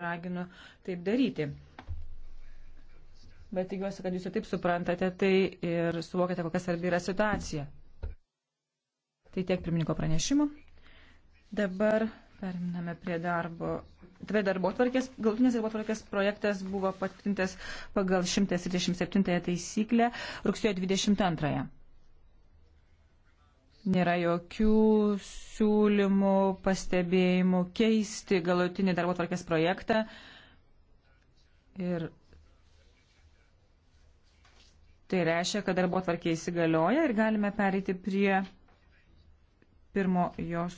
raginu taip daryti. Bet tikiuosi, kad jūs ir taip suprantate tai ir suvokiate, kokia svarbi yra situacija. Tai tiek pirmininko pranešimų. Dabar Periname prie darbo. Dvi darbo tvarkės, galutinės darbo tvarkės projektas buvo patvirtintas pagal 137 taisyklę rugsėjo 22. -ąją. Nėra jokių siūlymų, pastebėjimų keisti galutinį darbo tvarkės projektą. Ir tai reiškia, kad darbo tvarkė įsigalioja ir galime pereiti prie pirmo jos